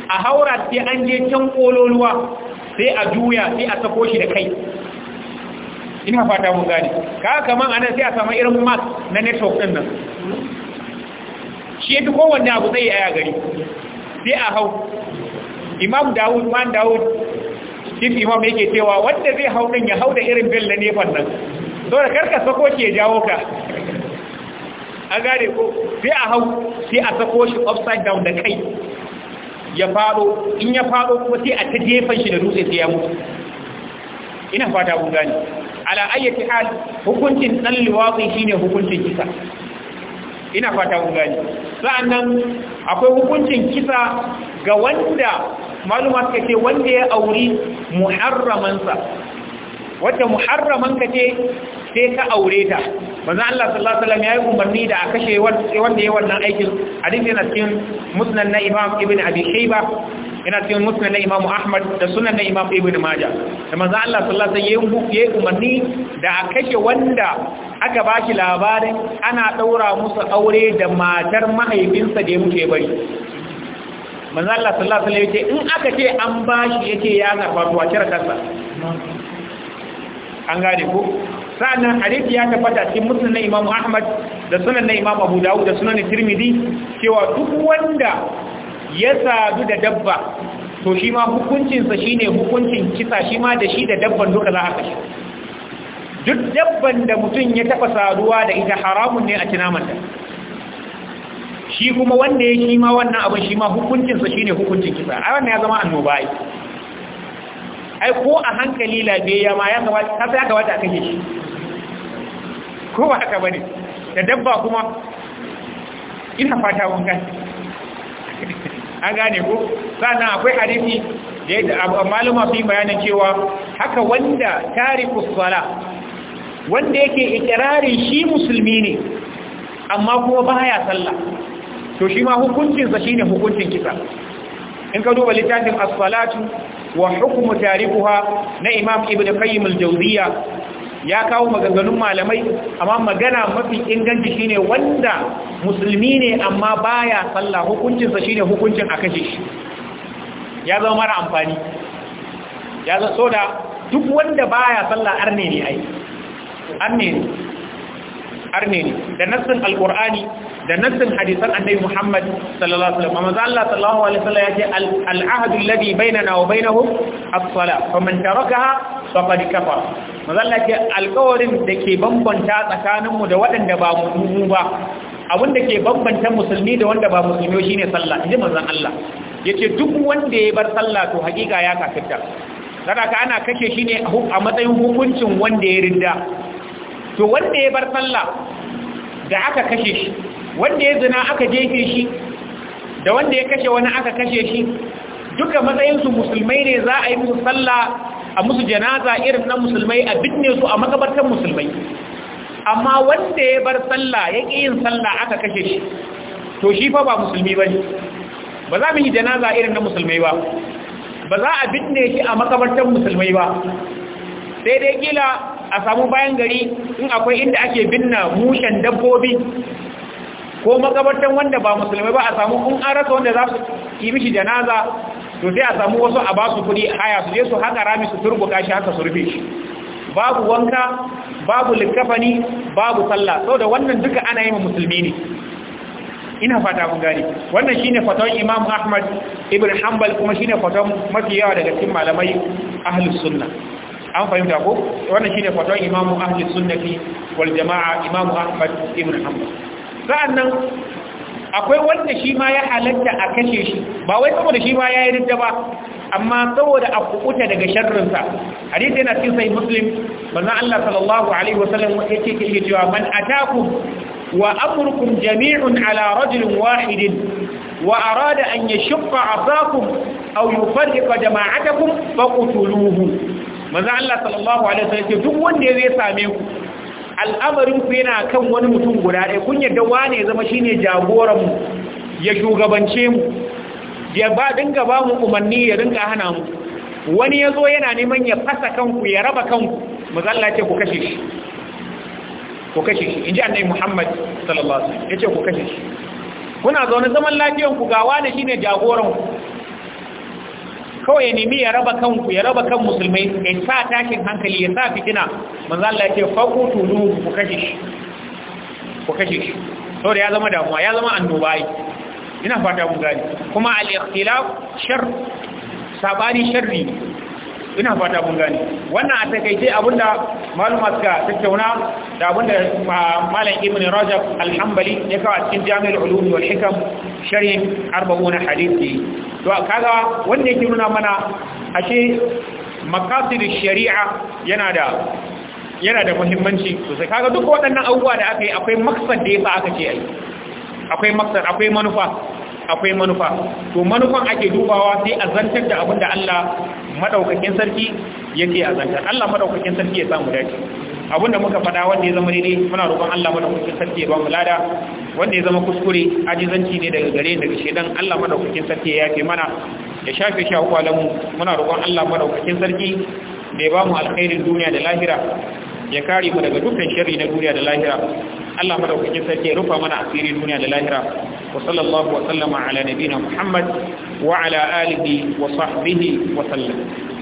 a haura sai an je can kololuwa sai a juya sai a sako shi da kai ina fata mun gane Ka kaman anan sai a samu irin mask na network din nan shi yafi kowanne abu tsayi a gari sai a hau imam dawud man dawud chief imam yake cewa wanda zai hau nan ya hau da irin bel na nefan nan to da karka sako ke jawo ka an gane ko sai a hau sai a sako shi upside down da kai ya faɗo in ya faɗo kuma sai a ta jefan shi da dutse sai ya mutu ina fata kun gane ala ayyati hal hukuncin dan liwafi shine hukuncin kisa ina fata kun gane sa'annan akwai hukuncin kisa ga wanda maluma suka ce wanda ya auri muharramansa wacce muharramanka ce sai ka aure ta manzo Allah sallallahu alaihi wasallam yayi umarni da a kashe wanda ya wannan aikin hadisi yana cikin musnad na Imam Ibn Abi Shayba yana cikin musnad na Imam Ahmad da sunan na Imam Ibn Majah da manzo Allah sallallahu alaihi wasallam yayi umarni da a kashe wanda aka ba shi labarin ana daura musu aure da matar mahaifinsa da ya muke bari manzo Allah sallallahu alaihi wasallam yace in aka ce an bashi yake ya karba to a cire kansa an gane ko sa'annan hadisi ya tabbata cikin musnad na Imam Ahmad da sunan na Imam Abu Dawud da sunan Tirmidhi cewa duk wanda ya sadu da dabba to shi ma hukuncinsa shine hukuncin kisa shi ma da shi da dabban duka za a kashe duk dabban da mutum ya tafasa saduwa da ita haramun ne a cinamanta shi kuma wanda ya shi ma wannan abin shi ma hukuncinsa shi ne hukuncin kisa a wannan ya zama annoba ai ai ko a hankali labeya ma ya kasa ya gabata a kashe shi ko ba haka ba ne da dabba kuma ina fata mun gani [laughs] an gane ko sannan akwai hadisi da yadda maluma fi bayanin cewa haka wanda tariku sala wanda yake ikirarin shi musulmi ne amma kuma baya sallah to shi ma hukuncinsa shi ne hukuncin kisa in ka duba littafin as-salatu wa hukumu tarikuha na imam ibn qayyim al-jawziya ya kawo maganganun malamai amma magana mafi inganci shine wanda musulmi ne amma baya sallah hukuncinsa shine hukuncin a kashe shi ya zama mara amfani ya zama so da duk wanda baya sallah arne ne ai arne ne arne ne da nassin alqur'ani da nassin hadisan annabi Muhammad sallallahu alaihi wasallam manzo Allah sallallahu alaihi wasallam yace al-ahdu alladhi bainana wa bainahum as-salah faman tarakaha faqad kafara manzo Allah yace alƙawarin dake bambanta tsakanin mu da waɗanda ba musulmi ba abinda ke bambanta musulmi da wanda ba musulmi shine sallah inji manzo Allah yace duk wanda ya bar sallah to hakika ya kafirta sadaka ana kashe shi ne a matsayin hukuncin wanda ya rinda to wanda ya bar sallah da aka kashe shi wanda ya zina aka jefe shi da wanda ya kashe wani aka kashe shi duka matsayinsu musulmai ne za a yi musu sallah a musu janaza irin na musulmai a binne su a makabartar musulmai amma wanda ya bar sallah ya ƙi yin sallah aka kashe shi to shi fa ba musulmi ba ne ba za mu yi janaza irin na musulmai ba ba za a binne shi a makabartar musulmai ba sai dai kila a samu bayan gari in akwai inda ake binna mushen dabbobi ko makabartan wanda ba musulmi ba a samu kun an wanda za su yi mishi janaza to sai a samu wasu a ba su kudi haya su je su haka rami su turbuka shi haka su rufe shi babu wanka babu likafani babu sallah sau da wannan duka ana yi musulmi ne ina fata mun gane wannan shine fatawan Imam Ahmad ibn Hanbal kuma shine fatawan mafi yawa daga cikin malamai ahlus sunna an fahimta ko wannan shine fatawan Imam ahlus sunnati wal jamaa Imam Ahmad ibn Hanbal sa'annan akwai wanda shi ma ya halatta a kashe shi ba wai saboda shi ma ya yi ridda ba amma saboda a kukuta daga sharrinsa hadisi yana cikin sai muslim manzon Allah sallallahu alaihi wasallam yake yake cewa man ataku wa amrukum jami'un ala rajulin wahidin wa arada an ya yashqa asakum aw yufarriqa jama'atakum faqtuluhu manzon Allah sallallahu alaihi wasallam duk wanda ya same ku al'amarin ku yana kan wani mutum guda ɗaya kun yadda wane ya zama shine jagoran mu ya shugabance mu ya ba dinga ba mu umarni ya dinga hana mu wani ya zo yana neman ya fasa kanku ya raba kanku mazalla ce ku kashe shi ku kashe shi in ji annabi muhammad sallallahu alaihi wasallam ya ce ku kashe shi kuna zaune zaman lafiyan ku shi ne shine jagoran ku kawai ya nemi ya raba kanku ya raba kan musulmai ya sa tashin hankali ya sa fitina manzo Allah ya ce faqutulu ku kashe shi ku kashe shi saboda ya zama damuwa ya zama annoba ina fata mun gani kuma al-ikhtilaf shar sabani sharri ina fata kun gani wannan a takaice abinda maluma suka tattauna da abinda malam ibn rajab al-hanbali ya kawo cikin jami'ar ulumi wal hikam sharhin 40 hadisi to kaga wanda yake nuna mana ashe maqasid shari'a yana da yana da muhimmanci sosai kaga duk waɗannan abubuwa da aka yi akwai maksad da yasa aka ce akwai maksad akwai manufa akwai manufa to manufan ake dubawa sai a zantar da abinda da Allah madaukakin sarki yake a zantar Allah madaukakin sarki ya samu dace abinda muka faɗa wanda ya zama ne muna roƙon Allah madaukakin sarki ya ba mu lada wanda ya zama kuskure zanci ne daga gare daga shedan Allah madaukakin sarki ya yafe mana ya shafe shi a kwalan muna roƙon Allah madaukakin sarki da ya ba mu alkhairin duniya da lahira ya kare mu daga dukkan sharri na duniya da lahira Allah madaukakin sarki ya rufa mana asiri duniya da lahira wa sallallahu wa sallama ala nabina Muhammad wa ala alihi wa sahbihi wa sallam